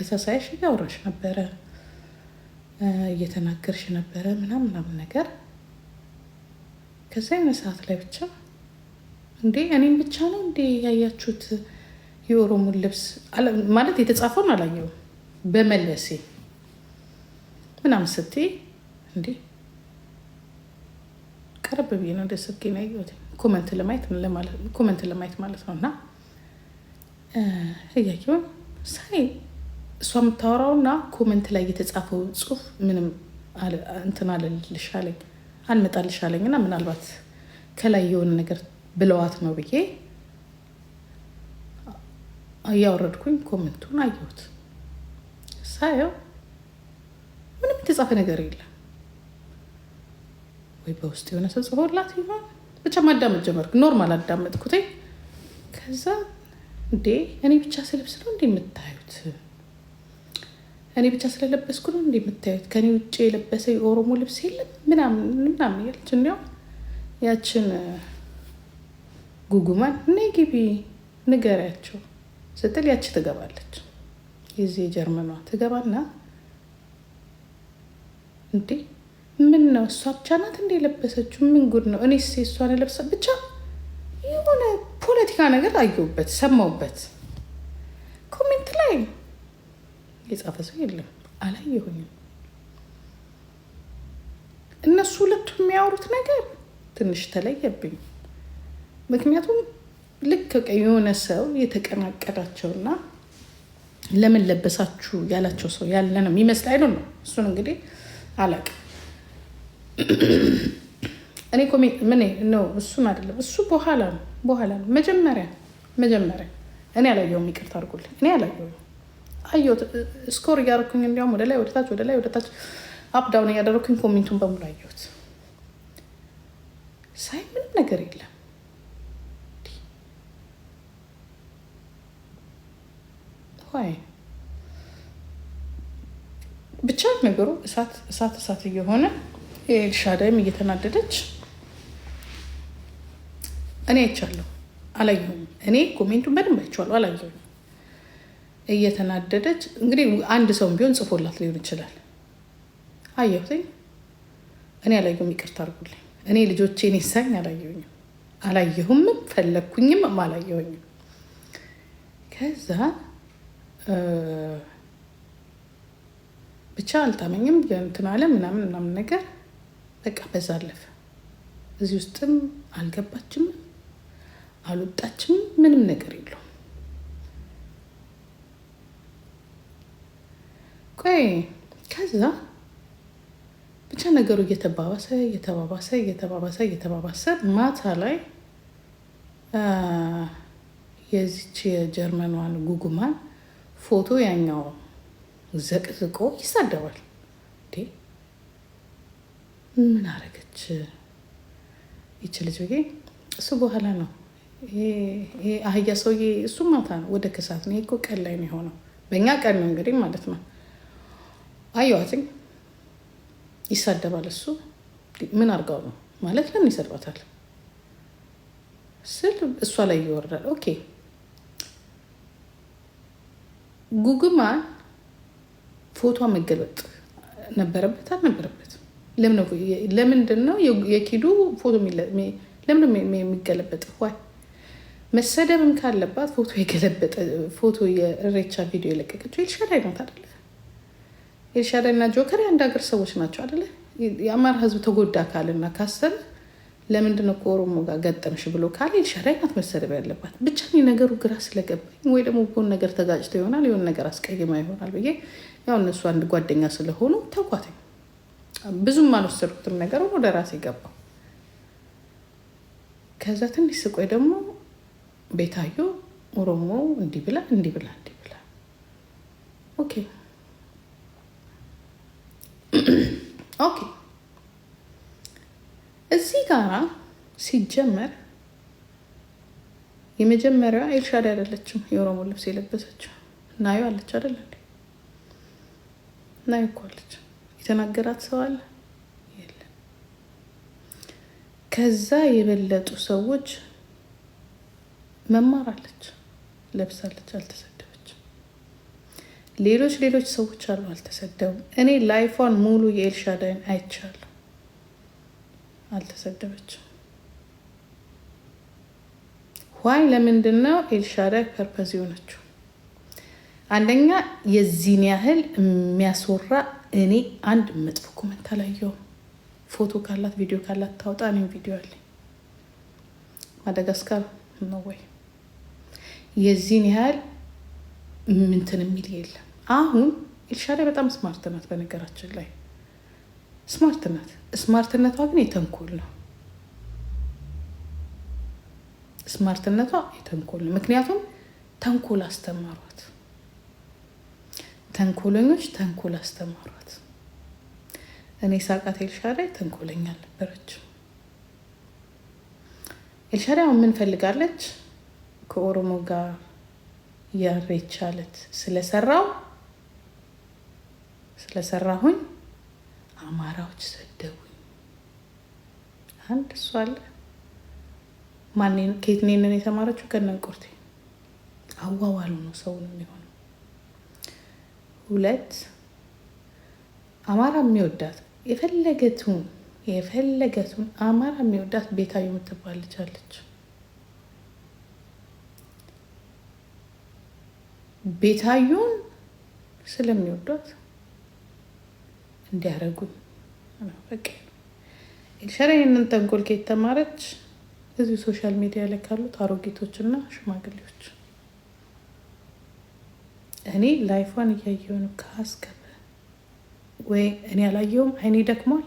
ከዛ ሳይሽ እያወራሽ ነበረ እየተናገርሽ ነበረ ምናምን ምናምን ነገር ከዛ አይነት ሰዓት ላይ ብቻ እንዴ እኔም ብቻ ነው እንዴ ያያችሁት የኦሮሞን ልብስ ማለት የተጻፈውን አላየውም በመለሴ ምናምን ስትይ እንዴ ቀረብ ብዬ ነው ደስ ኮመንት ለማየት ኮመንት ለማየት ማለት ነው እና እያየውን ሳይ እሷ የምታወራውና ኮመንት ላይ የተጻፈው ጽሁፍ ምንም እንትን አለልሽ አለኝ አልመጣልሽ አለኝ እና ምናልባት ከላይ የሆነ ነገር ብለዋት ነው ብዬ እያወረድኩኝ ኮመንቱን አየሁት። ሳየው ምንም የተጻፈ ነገር የለም። ወይ በውስጥ የሆነ ሰው ጽፎላት ይሆን ብቻ ማዳመጥ ጀመርኩ። ኖርማል አዳመጥኩትኝ። ከዛ እንዴ እኔ ብቻ ስልብስ ነው እንዴ የምታዩት እኔ ብቻ ስለለበስኩ ነው እንዴ የምታዩት ከኔ ውጭ የለበሰ የኦሮሞ ልብስ የለም ምናምን ምናምን ያለች እንዲያውም ያችን ጉጉማን እኔ ግቢ ንገሪያቸው ስትል ያቺ ትገባለች። የዚህ የጀርመኗ ትገባና እንዴ ምን ነው እሷ ብቻ ናት እንደ የለበሰችው? ምን ጉድ ነው? እኔ እሷን ለብሳ ብቻ የሆነ ፖለቲካ ነገር አየሁበት ሰማሁበት። የጻፈ ሰው የለም። አላየሁኝም። እነሱ ሁለቱ የሚያወሩት ነገር ትንሽ ተለየብኝ። ምክንያቱም ልክ የሆነ ሰው የተቀናቀዳቸውና ለምን ለበሳችሁ ያላቸው ሰው ያለ ነው የሚመስል አይነ ነው። እሱን እንግዲህ አላውቅም። እኔ እኮ ምን ነው እሱን አይደለም እሱ በኋላ ነው በኋላ ነው መጀመሪያ መጀመሪያ እኔ አላየውም። ይቅርታ አድርጉልኝ፣ እኔ አላየውም። አየሁት። ስኮር እያደረኩኝ እንዲያውም ወደ ላይ ወደታች፣ ወደ ላይ ወደታች አፕዳውን እያደረኩኝ ኮሜንቱን በሙሉ አየሁት። ሳይ ምንም ነገር የለም። ይ ብቻ ነገሩ እሳት እሳት እሳት እየሆነ ሻዳይም እየተናደደች እኔ አይቻለሁ፣ አላየሁም። እኔ ኮሜንቱን በደንብ አይቼዋለሁ፣ አላየሁም እየተናደደች እንግዲህ አንድ ሰውም ቢሆን ጽፎላት ሊሆን ይችላል። አየሁትኝ እኔ አላየሁም፣ ይቅርታ አድርጉልኝ። እኔ ልጆቼን ይሳኝ አላየሁኝም፣ አላየሁም ፈለግኩኝም አላየሁኝም። ከዛ ብቻ አልታመኝም እንትን አለ ምናምን ምናምን ነገር በቃ በዛ አለፈ። እዚህ ውስጥም አልገባችም፣ አልወጣችም፣ ምንም ነገር የለው ቆይ ከዛ ብቻ ነገሩ እየተባባሰ እየተባባሰ እየተባባሰ እየተባባሰ ማታ ላይ የዚች የጀርመኗን ጉጉማን ፎቶ ያኛው ዘቅዝቆ ይሳደባል። ምን አረገች ይች ልጅ ብዬ እሱ በኋላ ነው ይሄ አህያ ሰውዬ። እሱ ማታ ነው ወደ ከሳት ነው። ይሄ እኮ ቀን ላይ ነው የሆነው። በእኛ ቀን ነው እንግዲህ ማለት ነው። አየዋትኝ ይሳደባል። እሱ ምን አርጋው ነው ማለት ለምን ይሰድባታል ስል እሷ ላይ ይወርዳል። ኦኬ ጉግማን ፎቶ መገለጥ ነበረበት አልነበረበትም? ለምንድን ነው የኪዱ ፎቶ ለምን የሚገለበጥ ዋይ መሰደብም ካለባት ፎቶ የገለበጠ ፎቶ የእሬቻ ቪዲዮ የለቀቀችው ላይ ናት አይደለ? ኤልሻዳይና ጆከር የአንድ ሀገር ሰዎች ናቸው አደለ? የአማራ ህዝብ ተጎዳ ካልና ካሰብ ለምንድን ነው ከኦሮሞ ጋር ገጠምሽ ብሎ ካል ኤልሻዳይ ናት መሰደብ ያለባት። ብቻ ነገሩ ግራ ስለገባኝ ወይ ደግሞ በሆን ነገር ተጋጭቶ ይሆናል የሆን ነገር አስቀይማ ይሆናል ብዬ ያው እነሱ አንድ ጓደኛ ስለሆኑ ተኳት። ብዙም አልወሰድኩትም ነገር ወደ ራሴ ገባው። ከዛ ትንሽ ስቆይ ደግሞ ቤታዮ ኦሮሞ እንዲህ ብላ እንዲህ ብላ እንዲህ ብላ ኦኬ ኦኬ እዚህ ጋር ሲጀመር የመጀመሪያዋ ኤልሻዳ አይደለችም። የኦሮሞ ልብስ የለበሰችው ናዩ አለች አይደለ? ናዩ እኮ አለች። የተናገራት ሰው አለ የለም። ከዛ የበለጡ ሰዎች መማር አለች ለብሳለች፣ አልተሰ ሌሎች ሌሎች ሰዎች አሉ አልተሰደቡም። እኔ ላይፏን ሙሉ የኤልሻዳይን አይቻለሁ። አልተሰደበችም። ዋይ ለምንድን ነው ኤልሻዳይ ፐርፐዝ የሆነችው? አንደኛ የዚህን ያህል የሚያስወራ እኔ አንድ መጥፎ ኮመንት አላየሁም። ፎቶ ካላት ቪዲዮ ካላት ታውጣ። እኔም ቪዲዮ አለኝ። ማደጋስካር ነው ወይ የዚህን ያህል ምንትን የሚል የለም። አሁን ኤልሻዳይ በጣም ስማርት ናት። በነገራችን ላይ ስማርት ናት። ስማርትነቷ ግን የተንኮል ነው። ስማርትነቷ የተንኮል ነው። ምክንያቱም ተንኮል አስተማሯት። ተንኮለኞች ተንኮል አስተማሯት። እኔ ሳቃት ኤልሻዳይ ተንኮለኛ አልነበረች። ኤልሻዳይ አሁን ምን ፈልጋለች? ከኦሮሞ ጋር ያሬቻለት ስለሰራው ስለሰራሁኝ አማራዎች ሰደቡኝ። አንድ እሱ አለ። ማንን ከየትኔንን የተማረችው ከነን ቁርቴ አዋዋሉ ነው ሰው ነው የሚሆነው። ሁለት አማራ የሚወዳት የፈለገቱን የፈለገቱን አማራ የሚወዳት ቤታዩ የምትባል ልጅ አለች። ቤታዩን ስለሚወዷት እንዲያደርጉን በቃ ይህንን ተንኮል የተማረች እዚህ ሶሻል ሚዲያ ላይ ካሉት አሮጌቶች እና ሽማግሌዎች እኔ ላይፏን እያየሁ ነው። ከአስከብ ወይ እኔ አላየሁም። አይኔ ደክሟል።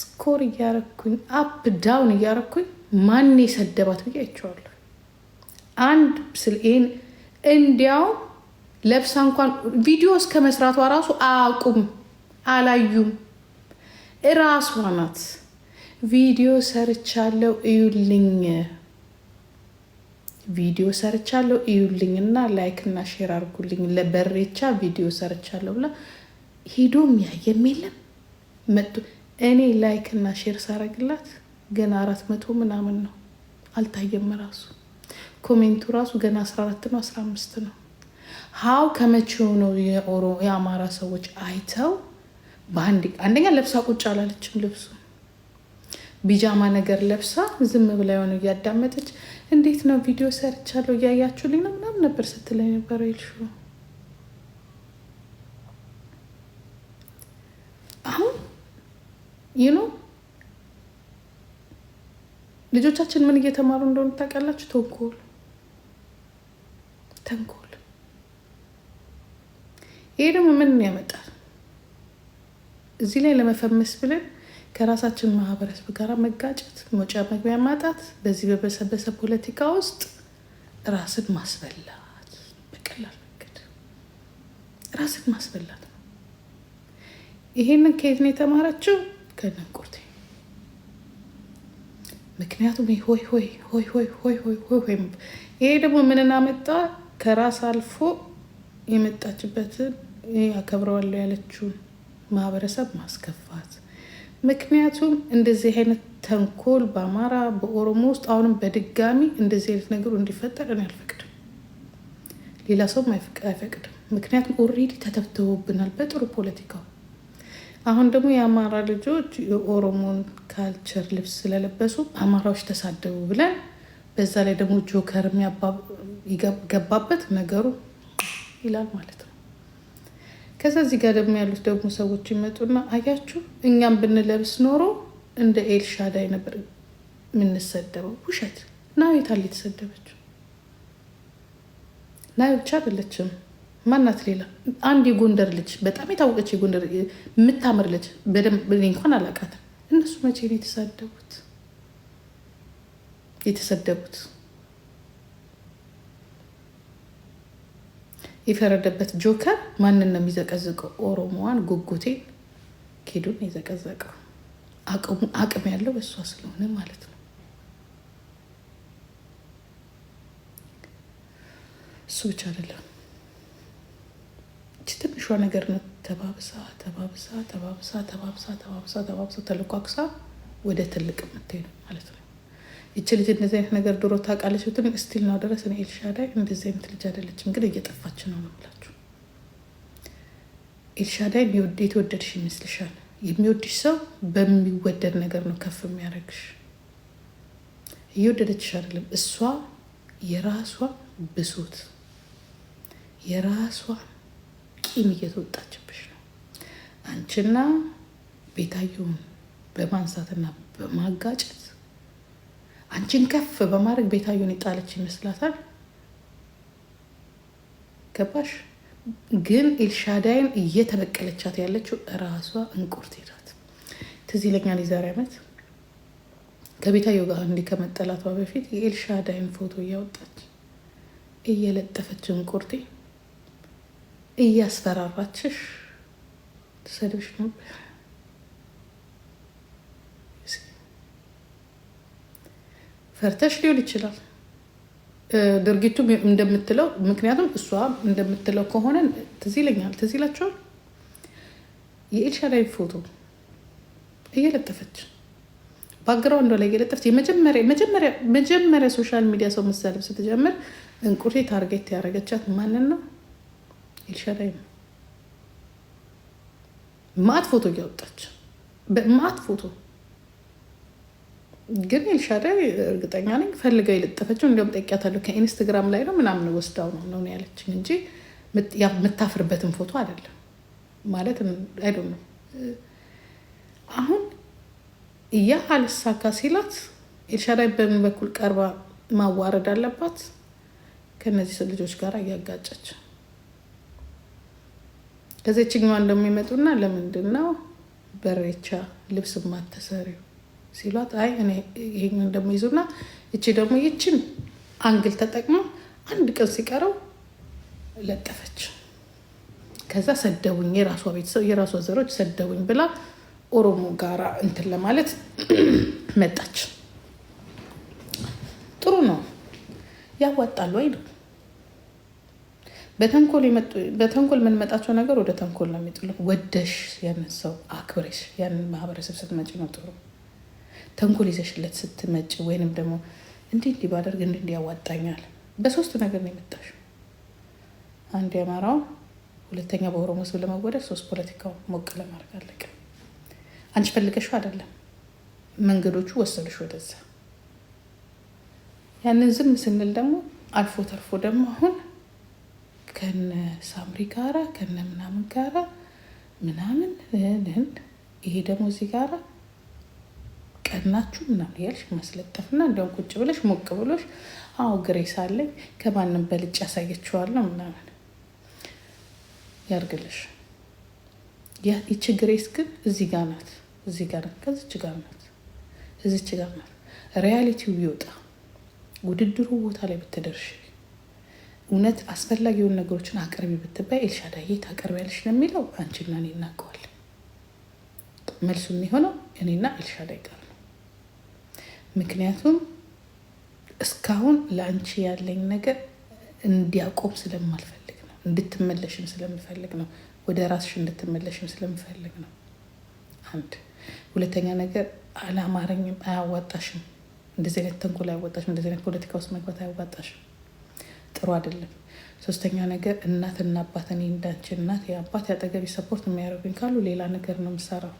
ስኮር እያረኩኝ አፕ ዳውን እያረኩኝ ማን የሰደባት ብዬ አይቼዋለሁ። አንድ ስል ይህን እንዲያውም ለብሳ እንኳን ቪዲዮ እስከ መስራቷ ራሱ አያውቁም፣ አላዩም። እራሷ ናት ቪዲዮ ሰርቻለሁ እዩልኝ፣ ቪዲዮ ሰርቻለሁ እዩልኝ እና ላይክ እና ሼር አድርጉልኝ ለበሬቻ ቪዲዮ ሰርቻለሁ ብላ ሂዶ የሚያየም የለም መጡ። እኔ ላይክ እና ሼር ሳረግላት ግን አራት መቶ ምናምን ነው፣ አልታየም ራሱ ኮሜንቱ ራሱ ገና አስራ አራት ነው አስራ አምስት ነው። ሀው ከመቼው ነው የኦሮ የአማራ ሰዎች አይተው በአንድ አንደኛ ለብሳ ቁጭ አላለችም። ልብሱ ቢጃማ ነገር ለብሳ ዝም ብላ የሆነ እያዳመጠች እንዴት ነው ቪዲዮ ሰርቻለሁ እያያችሁልኝ ነው ምናምን ነበር ስትለኝ ነበረው ይልሹ አሁን ነው። ልጆቻችን ምን እየተማሩ እንደሆነ ታውቃላችሁ? ተንኮል ተንኮል ይሄ ደግሞ ምን ያመጣል? እዚህ ላይ ለመፈመስ ብለን ከራሳችን ማህበረሰብ ጋር መጋጨት፣ መውጫ መግቢያ ማጣት፣ በዚህ በበሰበሰ ፖለቲካ ውስጥ ራስን ማስበላት በቀላል መንገድ ራስን ማስበላት ነው። ይሄንን ከየት ነው የተማረችው? ከነንቁርቴ። ምክንያቱም ሆይ ሆይ ሆይ ሆይ ሆይ ሆይ ሆይ ሆይ ይሄ ደግሞ ምንን አመጣ? ከራስ አልፎ የመጣችበትን አከብረዋለሁ ያለችው ማህበረሰብ ማስከፋት። ምክንያቱም እንደዚህ አይነት ተንኮል በአማራ በኦሮሞ ውስጥ አሁንም በድጋሚ እንደዚህ አይነት ነገሩ እንዲፈጠር እኔ አልፈቅድም፣ ሌላ ሰውም አይፈቅድም። ምክንያቱም ኦልሬዲ ተተብትቦብናል በጥሩ ፖለቲካው። አሁን ደግሞ የአማራ ልጆች የኦሮሞን ካልቸር ልብስ ስለለበሱ አማራዎች ተሳደቡ ብለን በዛ ላይ ደግሞ ጆከር ገባበት ነገሩ ይላል ማለት ነው። ከዛ እዚህ ጋር ደግሞ ያሉት ደግሞ ሰዎች ይመጡና አያችሁ፣ እኛም ብንለብስ ኖሮ እንደ ኤልሻዳይ ነበር የምንሰደበው። ውሸት ናዊት አለ የተሰደበችው። ና ብቻ አይደለችም። ማናት? ሌላ አንድ የጎንደር ልጅ በጣም የታወቀች የጎንደር የምታምር ልጅ በደንብ እኔ እንኳን አላውቃትም። እነሱ መቼ ነው የተሰደቡት የተሰደቡት? የፈረደበት ጆከር ማንን ነው የሚዘቀዝቀው? ኦሮሞዋን ጉጉቴን ኬዱን የዘቀዘቀው አቅም ያለው በእሷ ስለሆነ ማለት ነው። እሱ ብቻ አይደለም። እች ትንሿ ነገር ነው ተባብሳ ተባብሳ ተባብሳ ተባብሳ ተባብሳ ተባብሳ ተለኳኩሳ ወደ ትልቅ የምትሄዱ ማለት ነው። ይች ልጅ እንደዚህ አይነት ነገር ድሮ ታውቃለች ብትል ስቲል ነው ደረስ እኔ ኤልሻዳይ እንደዚህ አይነት ልጅ አይደለችም፣ ግን እየጠፋች ነው ነው ብላችሁ ኤልሻዳይ የተወደድሽ ይመስልሻል? የሚወድሽ ሰው በሚወደድ ነገር ነው ከፍ የሚያደርግሽ። እየወደደችሽ አይደለም። እሷ የራሷ ብሶት የራሷ ቂም እየተወጣችብሽ ነው። አንቺና ቤታየውን በማንሳትና በማጋጨት አንቺን ከፍ በማድረግ ቤታዩን ይጣለች ይመስላታል። ገባሽ? ግን ኤልሻዳይን እየተበቀለቻት ያለችው ራሷ እንቁርት ሄዳት ትዝ ይለኛል። የዛሬ ዓመት ከቤታዩ ጋር እንዲ ከመጠላቷ በፊት የኤልሻዳይን ፎቶ እያወጣች እየለጠፈች እንቁርቴ እያስፈራራችሽ ትሰድብሽ ነበር። ፈርተሽ ሊሆን ይችላል ድርጊቱ እንደምትለው። ምክንያቱም እሷ እንደምትለው ከሆነ ትዝ ይለኛል፣ ትዝ ይላቸዋል የኤልሻዳይ ፎቶ እየለጠፈች ባግራውንዷ ላይ እየለጠፈች መጀመሪያ ሶሻል ሚዲያ ሰው መሳደብ ስትጀምር እንቁርቴ ታርጌት ያደረገቻት ማንን ነው? ኤልሻዳይ ነው። ማአት ፎቶ እያወጣች በማአት ፎቶ ግን ኤልሻዳይ እርግጠኛ ነኝ ፈልገው የለጠፈችው እንዲሁም ጠቂያታለሁ ከኢንስትግራም ላይ ነው ምናምን ወስዳው ነው ነው ያለችን እንጂ የምታፍርበትን ፎቶ አይደለም። ማለት አይዶ ነው አሁን እያ አልሳካ ሲላት ኤልሻዳይ በምን በኩል ቀርባ ማዋረድ አለባት? ከእነዚህ ልጆች ጋር እያጋጨች ከዚችኛዋን እንደሚመጡና ለምንድን ነው በሬቻ ልብስ ማተሰሪው ሲሏት አይ እኔ ይሄኛውን ደግሞ ይዙና እቺ ደግሞ ይችን አንግል ተጠቅማ አንድ ቀን ሲቀረው ለጠፈች። ከዛ ሰደቡኝ፣ የራሷ ቤተሰብ የራሷ ዘሮች ሰደቡኝ ብላ ኦሮሞ ጋራ እንትን ለማለት መጣች። ጥሩ ነው ያዋጣሉ ወይ ነው። በተንኮል የምንመጣቸው ነገር ወደ ተንኮል ነው የሚጥሉ። ወደሽ ያንን ሰው አክብሬሽ ያንን ማህበረሰብ ስትመጪ ነው ጥሩ ተንኮል ይዘሽለት ስትመጭ ወይንም ደግሞ እንዲህ እንዲህ ባደርግ እንዲህ እንዲህ ያዋጣኛል። በሶስት ነገር ነው የመጣሽ። አንድ የአማራው፣ ሁለተኛ በኦሮሞ ስብ ለመወደድ፣ ሶስት ፖለቲካው ሞቅ ለማድረግ አለቀ። አንቺ ፈልገሽው አይደለም፣ መንገዶቹ ወሰዱሽ ወደዛ። ያንን ዝም ስንል ደግሞ አልፎ ተርፎ ደግሞ አሁን ከነ ሳምሪ ጋራ ከነ ምናምን ጋራ ምናምን ይሄ ደግሞ እዚህ ጋራ ቀናችሁ ምናምን ያልሽ ማስለጠፍና እንዲያውም ቁጭ ብለሽ ሞቅ ብሎሽ አዎ ግሬስ አለኝ ከማንም በልጭ ያሳየችዋለሁ ምናምን ያርግልሽ። ይቺ ግሬስ ግን እዚህ ጋር ናት፣ እዚህ ጋር ናት፣ ከዚች ጋር ናት፣ እዚች ጋር ናት። ሪያሊቲው ቢወጣ ውድድሩ ቦታ ላይ ብትደርሽ እውነት አስፈላጊ የሆኑ ነገሮችን አቅርቢ ብትባይ ኤልሻዳዬ ታቀርቢያለሽ ነው የሚለው። አንቺና እኔ እናውቀዋለን። መልሱ የሚሆነው እኔና ኤልሻዳይ ጋር ምክንያቱም እስካሁን ለአንቺ ያለኝ ነገር እንዲያቆም ስለማልፈልግ ነው። እንድትመለሽም ስለምፈልግ ነው። ወደ ራስሽ እንድትመለሽም ስለምፈልግ ነው። አንድ ሁለተኛ ነገር አላማረኝም፣ አያዋጣሽም። እንደዚህ አይነት ተንኮል አያዋጣሽም። እንደዚህ አይነት ፖለቲካ ውስጥ መግባት አያዋጣሽም። ጥሩ አይደለም። ሶስተኛ ነገር እና አባት እኔ እንዳንቺ እናት የአባት ያጠገቢ ሰፖርት የሚያደርጉኝ ካሉ ሌላ ነገር ነው የምሰራው።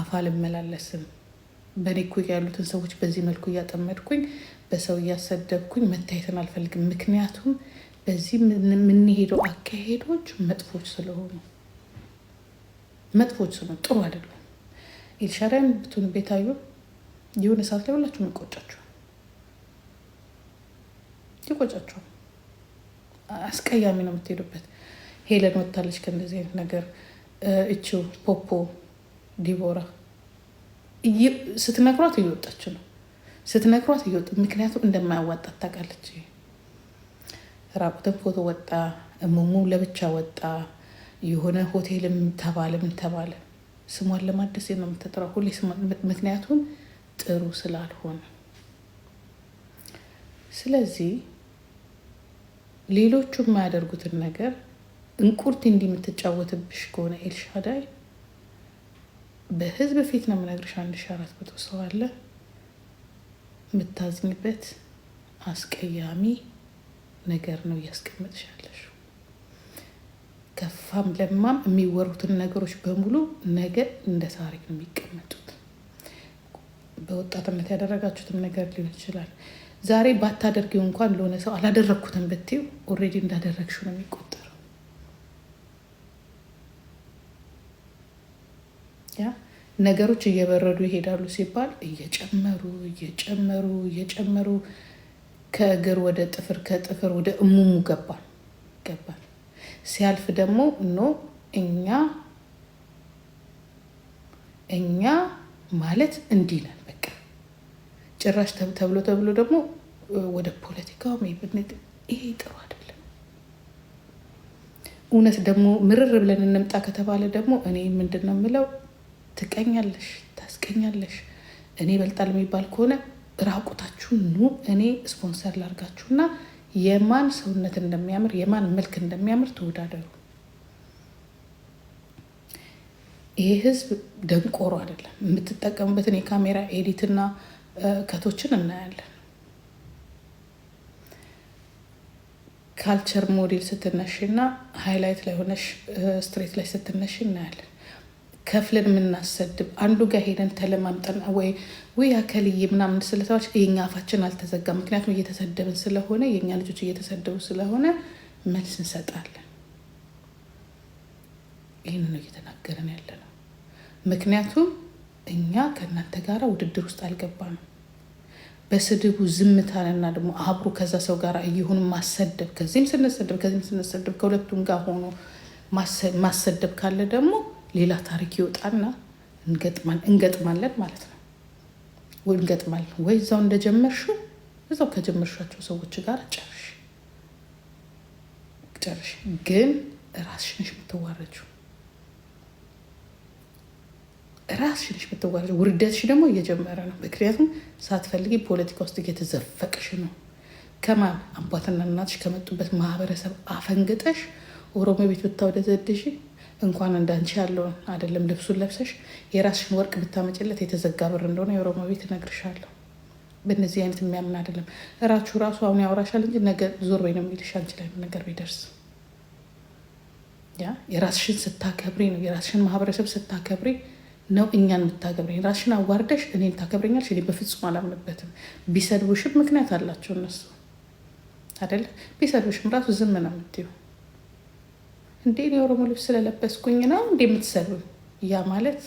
አፍ አልመላለስም። በእኔ እኮ ያሉትን ሰዎች በዚህ መልኩ እያጠመድኩኝ በሰው እያሰደብኩኝ መታየትን አልፈልግም። ምክንያቱም በዚህ የምንሄደው አካሄዶች መጥፎች ስለሆኑ መጥፎች ስለሆኑ ጥሩ አይደለም። ኤልሻዳይም ብትሆን ቤታዩ የሆነ ሰዓት ላይ ሁላችሁም ይቆጫችኋል፣ ይቆጫችኋል። አስቀያሚ ነው የምትሄዱበት። ሄለን ወታለች ከእንደዚህ አይነት ነገር እችው ፖፖ ዲቦራ ስትመክሯት እየወጣች ነው። ስትመክሯት እየወ ምክንያቱም እንደማያዋጣት ታውቃለች። ራቁትን ፎቶ ወጣ፣ እሙሙ ለብቻ ወጣ፣ የሆነ ሆቴልም ተባለ፣ ምን ተባለ። ስሟን ለማደስ ነው የምትጥረው ሁሌ። ምክንያቱም ጥሩ ስላልሆነ ስለዚህ ሌሎቹ የማያደርጉትን ነገር እንቁርት እንዲህ የምትጫወትብሽ ከሆነ ኤልሻዳይ በህዝብ ፊት ነው የምነግርሽ። አንድ ሺ አራት መቶ ሰው አለ የምታዝኝበት አስቀያሚ ነገር ነው እያስቀመጥሻለሽ። ከፋም ለማም የሚወሩትን ነገሮች በሙሉ ነገ እንደ ታሪክ ነው የሚቀመጡት። በወጣትነት ያደረጋችሁትም ነገር ሊሆን ይችላል። ዛሬ ባታደርጊው እንኳን ለሆነ ሰው አላደረግኩትም ብትይው ኦልሬዲ እንዳደረግሽው ነው የሚቆጠ ያ ነገሮች እየበረዱ ይሄዳሉ ሲባል እየጨመሩ እየጨመሩ እየጨመሩ ከእግር ወደ ጥፍር ከጥፍር ወደ እሙሙ ገባል ገባል። ሲያልፍ ደግሞ ኖ እኛ እኛ ማለት እንዲህ ይላል። በቃ ጭራሽ ተብሎ ተብሎ ደግሞ ወደ ፖለቲካው ይሄ ጥሩ አይደለም። እውነት ደግሞ ምርር ብለን እንምጣ ከተባለ ደግሞ እኔ ምንድን ነው የምለው ትቀኛለሽ፣ ታስቀኛለሽ። እኔ ይበልጣል የሚባል ከሆነ ራቁታችሁ ኑ፣ እኔ ስፖንሰር ላርጋችሁና የማን ሰውነት እንደሚያምር የማን መልክ እንደሚያምር ተወዳደሩ። ይሄ ህዝብ ደንቆሮ አይደለም። የምትጠቀሙበትን የካሜራ ኤዲትና ከቶችን እናያለን። ካልቸር ሞዴል ስትነሽ እና ሃይላይት ላይ ሆነሽ ስትሬት ላይ ስትነሽ እናያለን። ከፍለን የምናሰድብ አንዱ ጋር ሄደን ተለማምጠን ወይ ወይ አከልዬ ምናምን ስለተባች የኛ አፋችን አልተዘጋ። ምክንያቱም እየተሰደብን ስለሆነ የእኛ ልጆች እየተሰደቡ ስለሆነ መልስ እንሰጣለን። ይህን ነው እየተናገረን ያለ ነው። ምክንያቱም እኛ ከእናንተ ጋር ውድድር ውስጥ አልገባንም። በስድቡ ዝምታንና ደግሞ አብሮ ከዛ ሰው ጋር እየሆኑ ማሰደብ ከዚህም ስንሰደብ ከዚህም ስንሰደብ ከሁለቱም ጋር ሆኖ ማሰደብ ካለ ደግሞ ሌላ ታሪክ ይወጣና እንገጥማለን ማለት ነው። ወይ እንገጥማለን ወይ እዛው እንደጀመርሽው እዛው ከጀመርሻቸው ሰዎች ጋር ጨርሽ ጨርሽ። ግን ራስሽ ነሽ የምትዋረጂው፣ ራስሽ ውርደትሽ ደግሞ እየጀመረ ነው። ምክንያቱም ሳትፈልጊ ፖለቲካ ውስጥ እየተዘፈቅሽ ነው። ከማ አባትና እናትሽ ከመጡበት ማህበረሰብ አፈንግጠሽ ኦሮሞ ቤት ብታወደዘድሽ እንኳን እንዳንቺ ያለውን አይደለም ልብሱን ለብሰሽ የራስሽን ወርቅ ብታመጭለት የተዘጋ ብር እንደሆነ የኦሮሞ ቤት እነግርሻለሁ። በእነዚህ አይነት የሚያምን አይደለም። እራችሁ ራሱ አሁን ያወራሻል እንጂ ነገ ዞር ወይ ነው የሚልሽ አንቺ ላይ ነገር ቢደርስ ያ የራስሽን ስታከብሪ ነው የራስሽን ማህበረሰብ ስታከብሪ ነው እኛን የምታከብሪ። ራስሽን አዋርደሽ እኔን ታከብረኛልሽ? እኔ በፍጹም አላምንበትም። ቢሰድቡሽም ምክንያት አላቸው እነሱ አይደለ? ቢሰድቡሽም ራሱ ዝም ነው የምትይው። እንዴ እኔ የኦሮሞ ልብስ ስለለበስኩኝ ነው እንዴ የምትሰሩኝ? ያ ማለት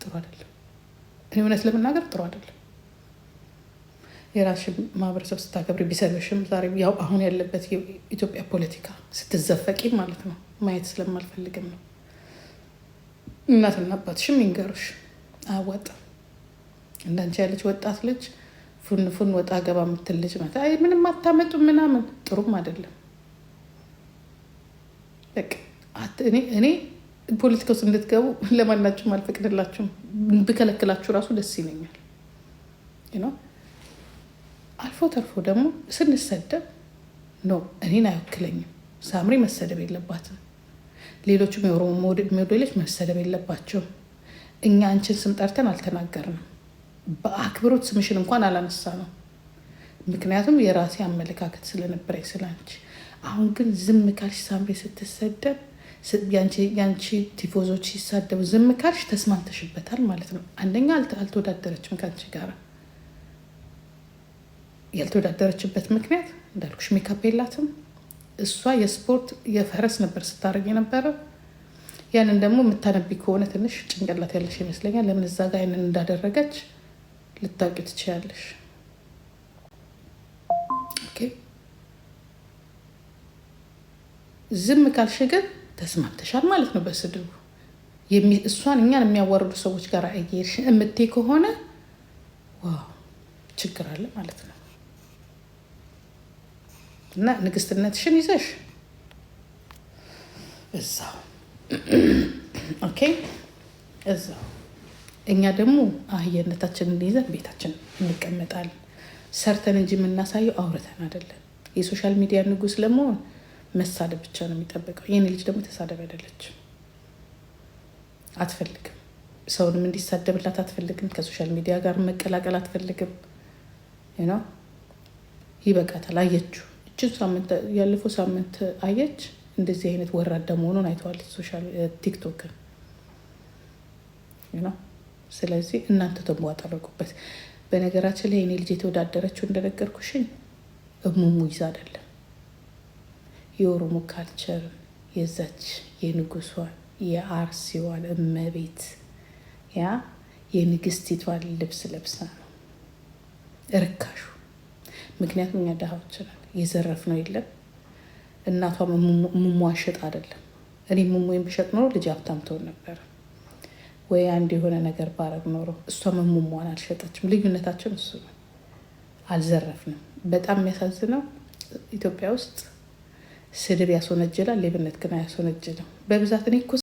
ጥሩ አይደለም። እኔ እውነት ለመናገር ጥሩ አይደለም። የራስሽን ማህበረሰብ ስታከብሪ ቢሰርሽም ዛሬ ያው አሁን ያለበት የኢትዮጵያ ፖለቲካ ስትዘፈቂ ማለት ነው ማየት ስለማልፈልግም ነው። እናትና አባትሽም ይንገሩሽ፣ አያዋጣም። እንዳንቺ ያለች ወጣት ልጅ ፉን ፉን ወጣ ገባ የምትል ልጅ ምንም አታመጡ ምናምን ጥሩም አይደለም በቃ እኔ ፖለቲካ ውስጥ እንድትገቡ ለማናችሁም አልፈቅድላችሁም። ብከለክላችሁ ራሱ ደስ ይለኛል። አልፎ ተርፎ ደግሞ ስንሰደብ ኖ እኔን አይወክለኝም። ሳምሪ መሰደብ የለባትም። ሌሎችም የኦሮሞ ሞዴሎች መሰደብ የለባቸውም። እኛ አንቺን ስም ጠርተን አልተናገርንም። በአክብሮት ስምሽን እንኳን አላነሳ ነው። ምክንያቱም የራሴ አመለካከት ስለነበረኝ ስላንቺ። አሁን ግን ዝም ካልሽ ሳምሬ ስትሰደብ ያንቺ ቲፎዞች ሲሳደቡ ዝም ካልሽ ተስማምተሽበታል ማለት ነው። አንደኛ አልተወዳደረችም ከአንቺ ጋር። ያልተወዳደረችበት ምክንያት እንዳልኩሽ ሜካፕ የላትም። እሷ የስፖርት የፈረስ ነበር ስታደርግ የነበረው። ያንን ደግሞ የምታነቢ ከሆነ ትንሽ ጭንቅላት ያለሽ ይመስለኛል። ለምን እዛ ጋር ያንን እንዳደረገች ልታውቂ ትችላለሽ። ዝም ካልሽ ግን ተስማምተሻል ማለት ነው። በስድቡ እሷን እኛን የሚያዋርዱ ሰዎች ጋር እየሄድሽ እምቴ ከሆነ ዋው ችግር አለ ማለት ነው። እና ንግስትነትሽን ይዘሽ እዛው ኦኬ፣ እዛው እኛ ደግሞ አህያነታችንን ይዘን ቤታችን እንቀመጣለን። ሰርተን እንጂ የምናሳየው አውርተን አይደለም። የሶሻል ሚዲያ ንጉስ ለመሆን መሳደብ ብቻ ነው የሚጠበቀው። ይህን ልጅ ደግሞ የተሳደብ አይደለችም፣ አትፈልግም። ሰውንም እንዲሳደብላት አትፈልግም። ከሶሻል ሚዲያ ጋር መቀላቀል አትፈልግም። ነው ይበቃታል። አየችው፣ እችን ሳምንት ያለፈው ሳምንት አየች። እንደዚህ አይነት ወራዳ መሆኑን አይተዋል ሶሻል ነው። ስለዚህ እናንተ ተንቧጥ አድርጉበት። በነገራችን ላይ የኔ ልጅ የተወዳደረችው እንደነገርኩሽኝ እሙሙ ይዛ አይደለም የኦሮሞ ካልቸር የዛች የንጉሷን የአርሲዋን እመቤት ያ የንግስቲቷን ልብስ ለብሳ ነው እርካሹ። ምክንያቱም እኛ ድሃዎች ነን፣ ነው የለም። እናቷ ሸጥ አይደለም። እኔ ምሙን ብሸጥ ኖሮ ልጅ ሀብታም ትሆን ነበር ወይ አንድ የሆነ ነገር ባረግ ኖሮ። እሷ ምሟን አልሸጠችም። ልዩነታችን እሱ ነው። አልዘረፍንም። በጣም የሚያሳዝነው ኢትዮጵያ ውስጥ ስድብ ያስወነጅላል፣ ሌብነት ግን አያስወነጅልም። በብዛት እኔ እኮ